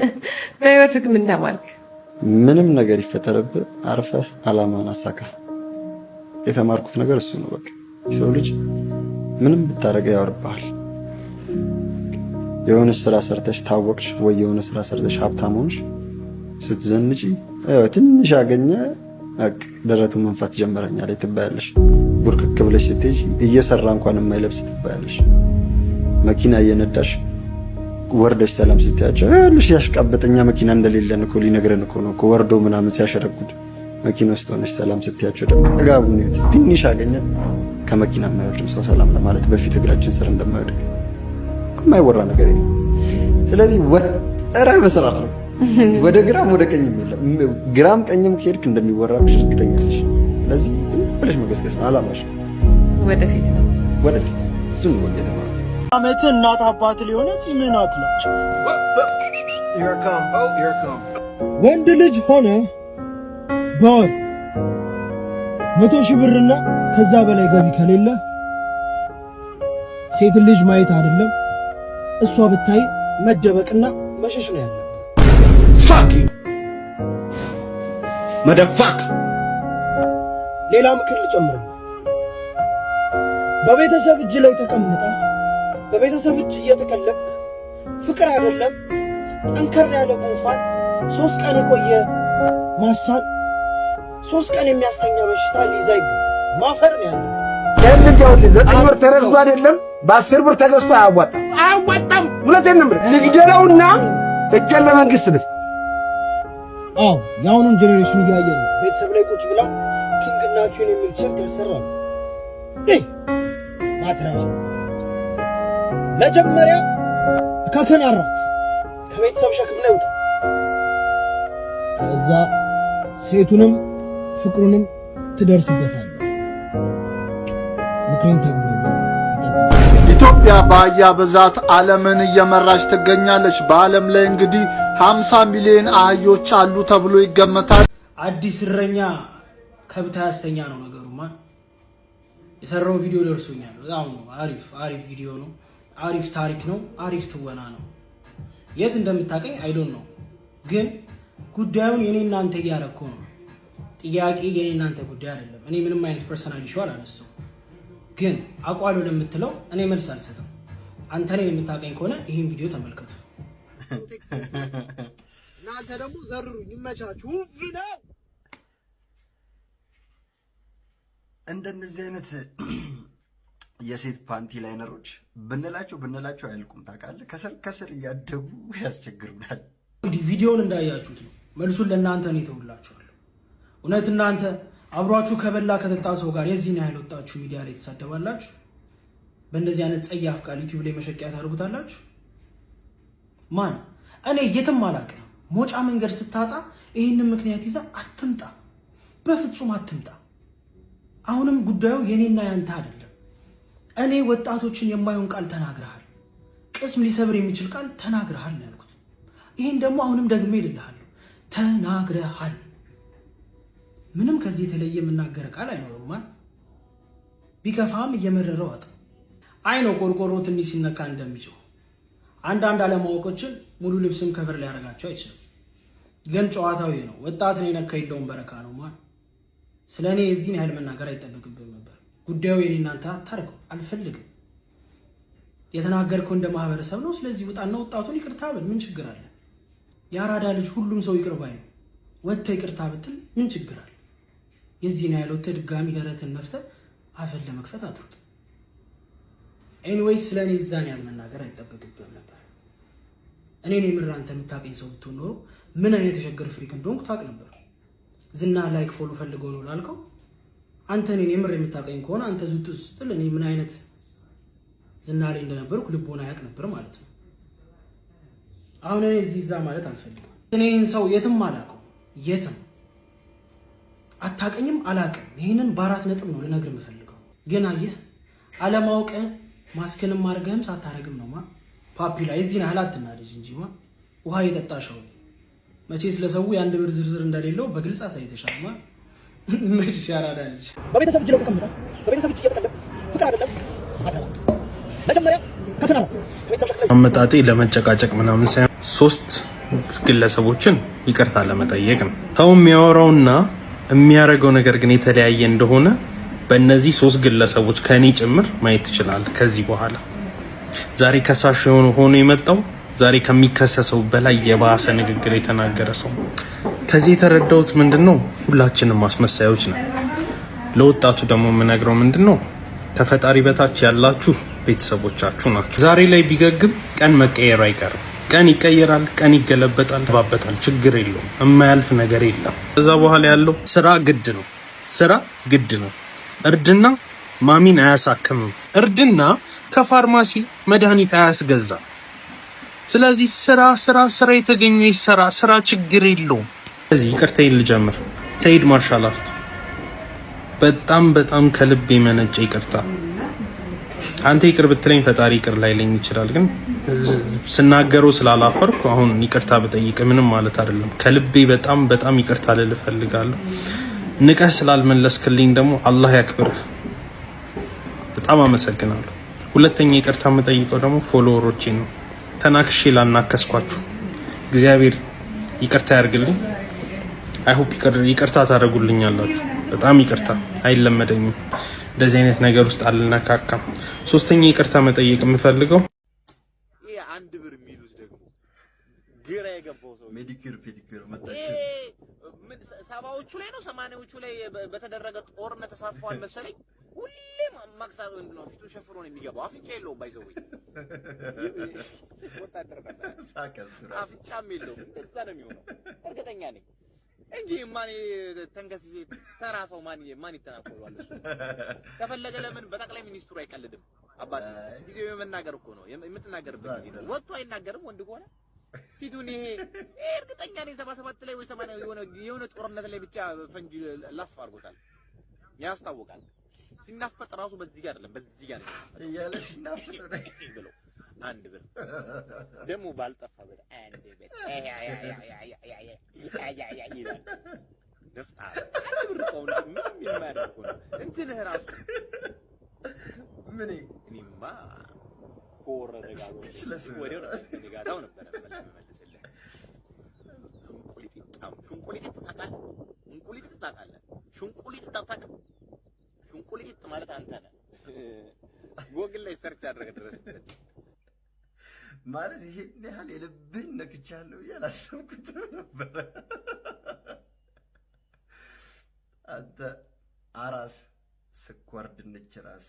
በህይወትህ ምን ተማርክ? ምንም ነገር ይፈጠረብህ አርፈህ አላማን አሳካ። የተማርኩት ነገር እሱ ነው። በቃ የሰው ልጅ ምንም ብታደርገ ያወርብሃል። የሆነ ስራ ሰርተሽ ታወቅሽ ወይ የሆነ ስራ ሰርተሽ ሀብታም ሆንሽ ስትዘንጪ ትንሽ አገኘ ደረቱ መንፋት ጀመረኛል ትባያለሽ። ቡርክክ ብለሽ ስትሄጂ እየሰራ እንኳን የማይለብስ ትባያለሽ። መኪና እየነዳሽ ወርደሽ ሰላም ስትያቸው ያሉሽ ያሽቃበጠኛ መኪና እንደሌለን እኮ ሊነግረን እኮ ነው ወርዶ ምናምን ሲያሸረጉድ መኪና ውስጥ ሆነሽ ሰላም ስትያቸው ደግሞ ጥጋቡ ትንሽ አገኘ ከመኪና የማይወርድም ሰው ሰላም ለማለት በፊት እግራችን ስር እንደማይወድቅ የማይወራ ነገር የለም። ስለዚህ ወጠራ በስርዓት ነው፣ ወደ ግራም ወደ ቀኝም የለም። ግራም ቀኝም ከሄድክ እንደሚወራ እርግጠኛ ነሽ። ስለዚህ ዝም ብለሽ መገስገስ ነው አላማሽ። ወደፊት ወደፊት እሱን ወደ አመት እናት አባት ሊሆነ ፂምህን አትላጭው። ወንድ ልጅ ሆነ በወር መቶ ሺህ ብርና ከዛ በላይ ገቢ ከሌለ ሴት ልጅ ማየት አይደለም እሷ ብታይ መደበቅና መሸሽ ነው ያለው። ፋክ መደፋክ። ሌላ ምክር ልጨምር። በቤተሰብ እጅ ላይ ተቀምጠ በቤተሰብ እጅ እየተቀለብክ ፍቅር አይደለም ጠንከር ያለ ጉንፋን ሶስት ቀን የቆየ ማሳል ሶስት ቀን የሚያስተኛ በሽታ ሊዛይ ማፈር ነው ያለው። ለምን ዘጠኝ ብር ተረግዞ አይደለም በአስር ብር ተገዝቶ አያዋጣም፣ አያዋጣም። ሁለቴን ነው ልግደለውና እጄን ለመንግስት አዎ የአሁኑን እያየ ነው። ቤተሰብ ላይ ቁጭ ብላ ኪንግና ኪን የሚል ሸርት ያሰራል ማትረባ መጀመሪያ ከከናራ ከቤተሰብ ሸክም ላይ ውጣ። ከዛ ሴቱንም ፍቅሩንም ትደርስበታል። ምክሬን ተግብሩ። ኢትዮጵያ በአህያ ብዛት ዓለምን እየመራች ትገኛለች። በዓለም ላይ እንግዲህ 50 ሚሊዮን አህዮች አሉ ተብሎ ይገመታል። አዲስ እረኛ ከብት አያስተኛ ነው ነገሩማ። የሰራው ቪዲዮ ደርሶኛል። በጣም አሪፍ አሪፍ ቪዲዮ ነው። አሪፍ ታሪክ ነው፣ አሪፍ ትወና ነው። የት እንደምታቀኝ አይዶን ነው፣ ግን ጉዳዩን የኔ እናንተ እያረኮ ነው። ጥያቄ የኔ እናንተ ጉዳይ አይደለም። እኔ ምንም አይነት ፐርሰናል ኢሹ አላነሳው፣ ግን አቋሉ ለምትለው እኔ መልስ አልሰጥም። አንተ እኔን የምታቀኝ ከሆነ ይህን ቪዲዮ ተመልከቱ። እናንተ ደግሞ ዘርሩኝ፣ ይመቻችሁ። እንደነዚህ አይነት የሴት ፓንቲ ላይነሮች ብንላቸው ብንላቸው አያልቁም። ታውቃለህ፣ ከስር ከስር እያደጉ ያስቸግሩናል። እንግዲህ ቪዲዮውን እንዳያችሁት ነው። መልሱን ለእናንተ ነው የተውላችኋለሁ። እውነት እናንተ አብሯችሁ ከበላ ከተጣ ሰው ጋር የዚህን ያህል ወጣችሁ ሚዲያ ላይ የተሳደባላችሁ፣ በእንደዚህ አይነት ጸያፍ ቃል ዩቲዩብ ላይ መሸቂያ ታደርጉታላችሁ። ማን እኔ የትም ነው ሞጫ መንገድ ስታጣ ይህንን ምክንያት ይዛ አትምጣ፣ በፍጹም አትምጣ። አሁንም ጉዳዩ የኔና ያንተ አይደለም። እኔ ወጣቶችን የማይሆን ቃል ተናግረሃል፣ ቅስም ሊሰብር የሚችል ቃል ተናግረሃል ነው ያልኩት። ይህን ደግሞ አሁንም ደግሜ እልልሃለሁ፣ ተናግረሃል። ምንም ከዚህ የተለየ የምናገረ ቃል አይኖርማ። ቢከፋም እየመረረው አጥ አይ ነው ቆርቆሮ ትንሽ ሲነካ እንደሚጮህ አንዳንድ አለማወቆችን ሙሉ ልብስም ከበር ሊያደርጋቸው አይችልም። ግን ጨዋታዊ ነው። ወጣትን የነካ የለውም በረካ ነው ማለት። ስለ እኔ የዚህን ያህል መናገር አይጠበቅብም ነበር። ጉዳዩ የኔ እናንተ አታርገው አልፈልግም። የተናገርከው እንደ ማህበረሰብ ነው። ስለዚህ ውጣና ወጣቱን ይቅርታ ብል ምን ችግር አለ? የአራዳ ልጅ ሁሉም ሰው ይቅር ባይ ወጥተህ ይቅርታ ብትል ምን ችግር አለ? የዚህን ያህል ወጥተህ ድጋሚ ደረትን መፍተ አፈን ለመክፈት አድሩት። ኤኒዌይስ ስለ እኔ እዛን ያህል መናገር አይጠበቅብህም ነበር። እኔን የምር አንተ የምታቀኝ ሰው ብትሆን ኖሮ ምን አይነት የሸገር ፍሪክ እንደሆንኩ ታውቅ ነበር። ዝና ላይክ ፎሎ ፈልገው ነው ላልከው አንተ እኔን የምር የምታውቀኝ ከሆነ አንተ ዙጥ ስትል እኔ ምን አይነት ዝናሬ እንደነበርኩ ልቦና ያውቅ ነበር ማለት ነው። አሁን እኔ እዚህ እዛ ማለት አልፈልግም። እኔን ሰው የትም አላውቀው፣ የትም አታውቀኝም፣ አላውቅም። ይህንን በአራት ነጥብ ነው ልነግር የምፈልገው። ግን አየህ አለማወቅህ ማስክንም አድርገህም ሳታረግም ነው ማ ፓፒ ላይ እዚህን ያህል አትናደጅ እንጂ ማ ውሃ የጠጣ ሸው መቼ ስለሰው የአንድ ብር ዝርዝር እንደሌለው በግልጽ አሳይተሻል ማ መች ልጅ በቤተሰብ እጅ በቤተሰብ እጅ እየተቀለብ ፍቅር አይደለም መጀመሪያ አመጣጤ ለመጨቃጨቅ ምናምን ሳይሆን ሶስት ግለሰቦችን ይቅርታ ለመጠየቅ ነው። ሰው የሚያወራውና የሚያደርገው ነገር ግን የተለያየ እንደሆነ በእነዚህ ሶስት ግለሰቦች ከእኔ ጭምር ማየት ትችላል። ከዚህ በኋላ ዛሬ ከሳሽ ሆኖ የመጣው ዛሬ ከሚከሰሰው በላይ የባሰ ንግግር የተናገረ ሰው ከዚህ የተረዳሁት ምንድን ነው፣ ሁላችንም አስመሳዮች ነው። ለወጣቱ ደግሞ የምነግረው ምንድን ነው፣ ከፈጣሪ በታች ያላችሁ ቤተሰቦቻችሁ ናቸው። ዛሬ ላይ ቢገግም ቀን መቀየር አይቀርም። ቀን ይቀየራል፣ ቀን ይገለበጣል፣ ባበታል። ችግር የለውም፣ የማያልፍ ነገር የለም። ከዛ በኋላ ያለው ስራ ግድ ነው። ስራ ግድ ነው። እርድና ማሚን አያሳክምም። እርድና ከፋርማሲ መድኃኒት አያስገዛም። ስለዚህ ስራ ስራ ስራ የተገኘ ይሰራ። ስራ ችግር የለውም። እዚህ ይቅርታዬን ልጀምር። ሰይድ ማርሻል አርት በጣም በጣም ከልብ የመነጨ ይቅርታ። አንተ ይቅር ብትለኝ ፈጣሪ ይቅር ላይለኝ ይችላል፣ ግን ስናገረው ስላላፈርኩ አሁን ይቅርታ ብጠይቅ ምንም ማለት አይደለም። ከልቤ በጣም በጣም ይቅርታ ልል እፈልጋለሁ። ንቀህ ስላልመለስክልኝ ደግሞ አላህ ያክብርህ። በጣም አመሰግናለሁ። ሁለተኛ ይቅርታ የምጠይቀው ደግሞ ፎሎወሮቼ ነው። ተናክሼ ላናከስኳችሁ እግዚአብሔር ይቅርታ ያርግልኝ። አይሆፕ ይቅርታ ታደርጉልኛላችሁ። በጣም ይቅርታ፣ አይለመደኝም እንደዚህ አይነት ነገር ውስጥ አልነካካም። ሶስተኛ ይቅርታ መጠየቅ የምፈልገው አንድ ብር የሚሉት ደግሞ ግራ የገባው ሰው ሰባዎቹ ላይ ነው ሰማንያዎቹ ላይ በተደረገ ጦርነት ተሳትፏል መሰለኝ። ሁሌም ማክሳር ወንድ ነው ፊቱ ሸፍኖ ነው የሚገባው። አፍንጫ የለውም ባይዘው ወታደር ነው አፍንጫም የለውም። እንደዛ ነው የሚሆነው እርግጠኛ ነኝ። እንጂ ማን ተንከስ ተራ ሰው ማን ማን ይተናኮሏል? እሱ ከፈለገ ለምን በጠቅላይ ሚኒስትሩ አይቀልድም? አባት ጊዜው የመናገር እኮ ነው የምትናገርበት ጊዜ ነው። ወጥቶ አይናገርም ወንድ ከሆነ ፊቱን ይሄ እርግጠኛ ነኝ ሰባ ሰባት ላይ ወይ ሰማንያ የሆነ የሆነ ጦርነት ላይ ብቻ ፈንጂ ላፍ አድርጎታል። ያስታውቃል። ሲናፈጥ ራሱ በዚህ ጋር አይደለም በዚህ ጋር ነው እያለ ሲናፈጥ ነው አንድ ብር ደግሞ ባልጠፋ ብር አንድ ብር ነፍጣ አንድ ብር ቆውን ምንም የማያደርገው ነው። ራሱ ምን እኔማ ከወረደ ጋር ወዲያው ነበር ጋታው ነበር መልስልህ። ሽንቁሊጥ ሽንቁሊጥ ታውቃለህ? ሽንቁሊጥ ታውቃለህ? ታውቃለህ? ማለት አንተ ነህ። ጎግል ላይ ሰርች አድርገህ ድረስ ማለት ይሄን ያህል የልብህን ነክቻለሁ እያላሰብኩት ነበረ። አንተ አራስ ስኳር ድንች ራስ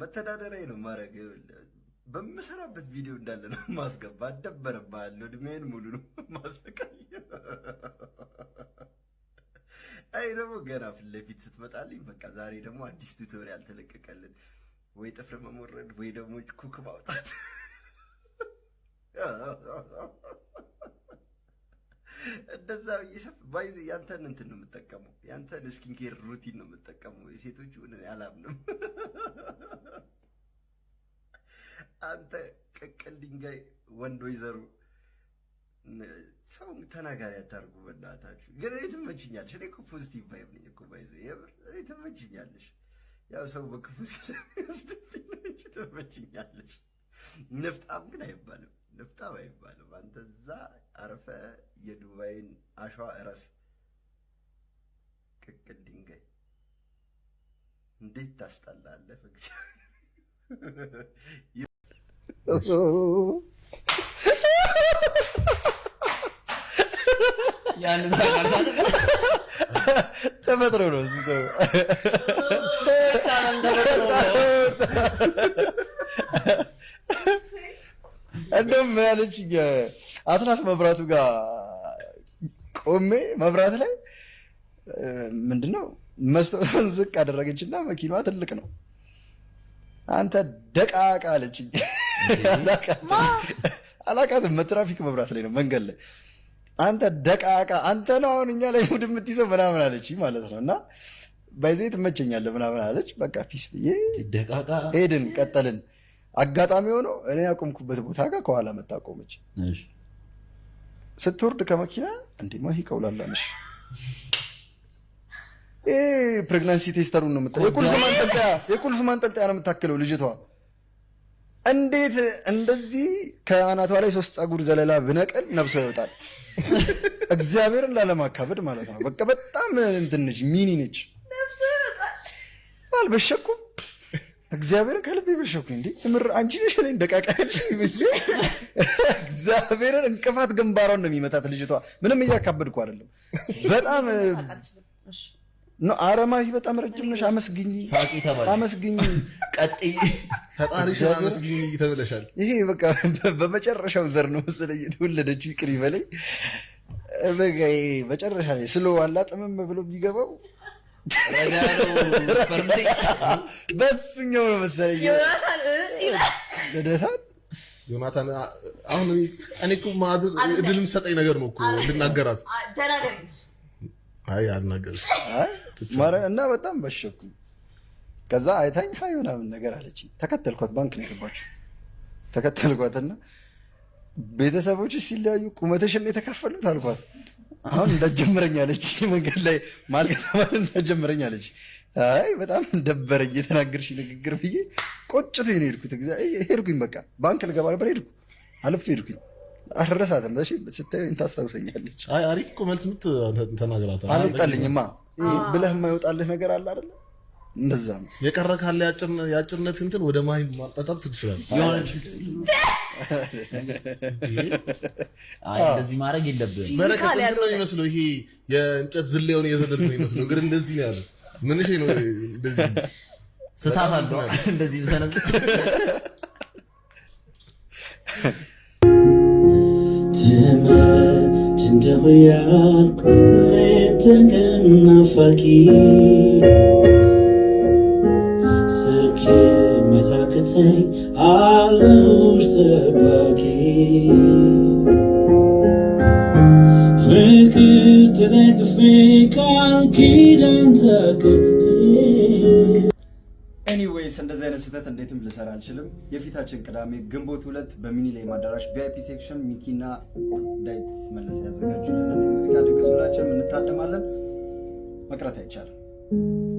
መተዳደሪያ ነው ማረግ በምሰራበት ቪዲዮ እንዳለ ነው ማስገባ። አደበረባለሁ። እድሜን ሙሉ ነው ማሰቃየ። አይ ደግሞ ገና ፊት ለፊት ስትመጣልኝ በቃ ዛሬ ደግሞ አዲስ ቱቶሪያል ተለቀቀልን ወይ ጥፍር መሞረድ ወይ ደግሞ ኩክ ማውጣት እንደዛ ይስፍ ባይዙ ያንተን እንትን ነው የምጠቀመው። ያንተን ስኪን ኬር ሩቲን ነው የምጠቀመው። የሴቶቹ አላምንም። አንተ ቅቅል ድንጋይ ወንዶ ይዘሩ ሰው ተናጋሪ አታርጉ በእናታችሁ። ግን እኔ ትመችኛለሽ። እኔ እኮ ፖዚቲቭ ቫይብ ነኝ እኮ ባይዘ የምር እኔ ትመችኛለሽ። ያው ሰው በክፉ ስለሚወስድብኝ ነው እንጂ ትመችኛለሽ። ንፍጣም ግን አይባልም። ልፍታ ባይባልም አንተ እዛ አርፈ የዱባይን አሸዋ እረስ። ቅቅል ድንጋይ እንዴት ታስጠላለህ! ተፈጥሮ ነው። እንደውም ያለች አትናስ መብራቱ ጋር ቆሜ መብራት ላይ ምንድነው መስታወቷን ዝቅ አደረገችና መኪናዋ ትልቅ ነው አንተ ደቃቃ አለችኝ። አላቃትም መትራፊክ መብራት ላይ ነው መንገድ ላይ አንተ ደቃቃ አንተ ነው አሁን እኛ ላይ ሙድ የምትይዘው ምናምን አለች ማለት ነው። እና ባይዘ ትመቸኛለህ ምናምን አለች። በቃ ፊስ ብዬ ሄድን ቀጠልን። አጋጣሚ ሆኖ እኔ ያቆምኩበት ቦታ ጋር ከኋላ መታ ቆመች። ስትወርድ ከመኪና እንዴ ማሂ ፕሬግናንሲ ቴስተሩን ነው የቁልፍ ማንጠልጠያ ነው የምታክለው ልጅቷ። እንዴት እንደዚህ ከአናቷ ላይ ሶስት ፀጉር ዘለላ ብነቅል ነብሶ ይወጣል። እግዚአብሔርን ላለማካበድ ማለት ነው። በቃ በጣም እንትንች ሚኒ ነች አልበሸኩም እግዚአብሔርን ከልቤ በሸኩ እንዲ ምር አንቺ ነሽ ላይ እንደቃቃያች ብል እግዚአብሔርን እንቅፋት ግንባሯን ነው የሚመታት ልጅቷ። ምንም እያካበድኩ አይደለም። በጣም አረማዊ በጣም ረጅም ነሽ። አመስግኝ አመስግኝ፣ ቀጥይ፣ ፈጣሪ አመስግኝ ተብለሻል። ይሄ በቃ በመጨረሻው ዘር ነው መሰለኝ የተወለደችው። ይቅር ይበለኝ በቃ መጨረሻ ላይ ስለ ዋላ ጥምም ብሎ የሚገባው በስኛው ነው መሰለኝ ልደታን ዮናታን አሁን እኔ እኮ እድል የምትሰጠኝ ነገር ነው እኮ እንድናገራት። አይ እና በጣም ከዛ አይታኝ ሀይ ምናምን ነገር አለች። ተከተልኳት፣ ባንክ ነው የገባችው። ተከተልኳትና ቤተሰቦች ሲለያዩ ቁመትሽን የተከፈሉት አልኳት። አሁን እንዳትጀምረኛለች መንገድ ላይ ማልከተማል ማለት እንዳትጀምረኛለች። አይ በጣም ደበረኝ የተናገርሽ ንግግር ብዬ ቆጭት ነው ሄድኩት። ሄድኩኝ በቃ ባንክ ልገባ ነበር ሄድኩ፣ አልፍ ሄድኩኝ። አልረሳትም። ስታየኝ ታስታውሰኛለች። አሪፍ እኮ መልስ ምት ተናገራት። አልወጣልኝማ ብለህ የማይወጣልህ ነገር አለ አይደለም እንደዛ ነው የቀረ ካለ የአጭርነት እንትን ወደ ማይ ማጣጣም ትችላለህ። እንደዚህ ማድረግ የለብህም። በረከት ነው የሚመስለው ይሄ የእንጨት ዝላውን የዘለል ነው የሚመስለው ግን እንደዚህ ነው ያለ ምንሽ ነው እንደዚህ ስታፍ አለ እንደዚህ ሰነዝ ትመጭ እንደሁ ያልኩ ተገናፋቂ አንቺ መታክተኝ ጠባቂ ፍቅር ተደግፌ ቃል ኪዳን ኤኒዌይስ እንደዚህ አይነት ስህተት እንዴትም ልሰራ አልችልም። የፊታችን ቅዳሜ ግንቦት ሁለት በሚኒሌም አዳራሽ ቪአይፒ ሴክሽን ሚኪና ዳዊት መለሰ ያዘጋጁልን የሙዚቃ ድግስ ሁላችንም እንታደማለን። መቅረት አይቻልም።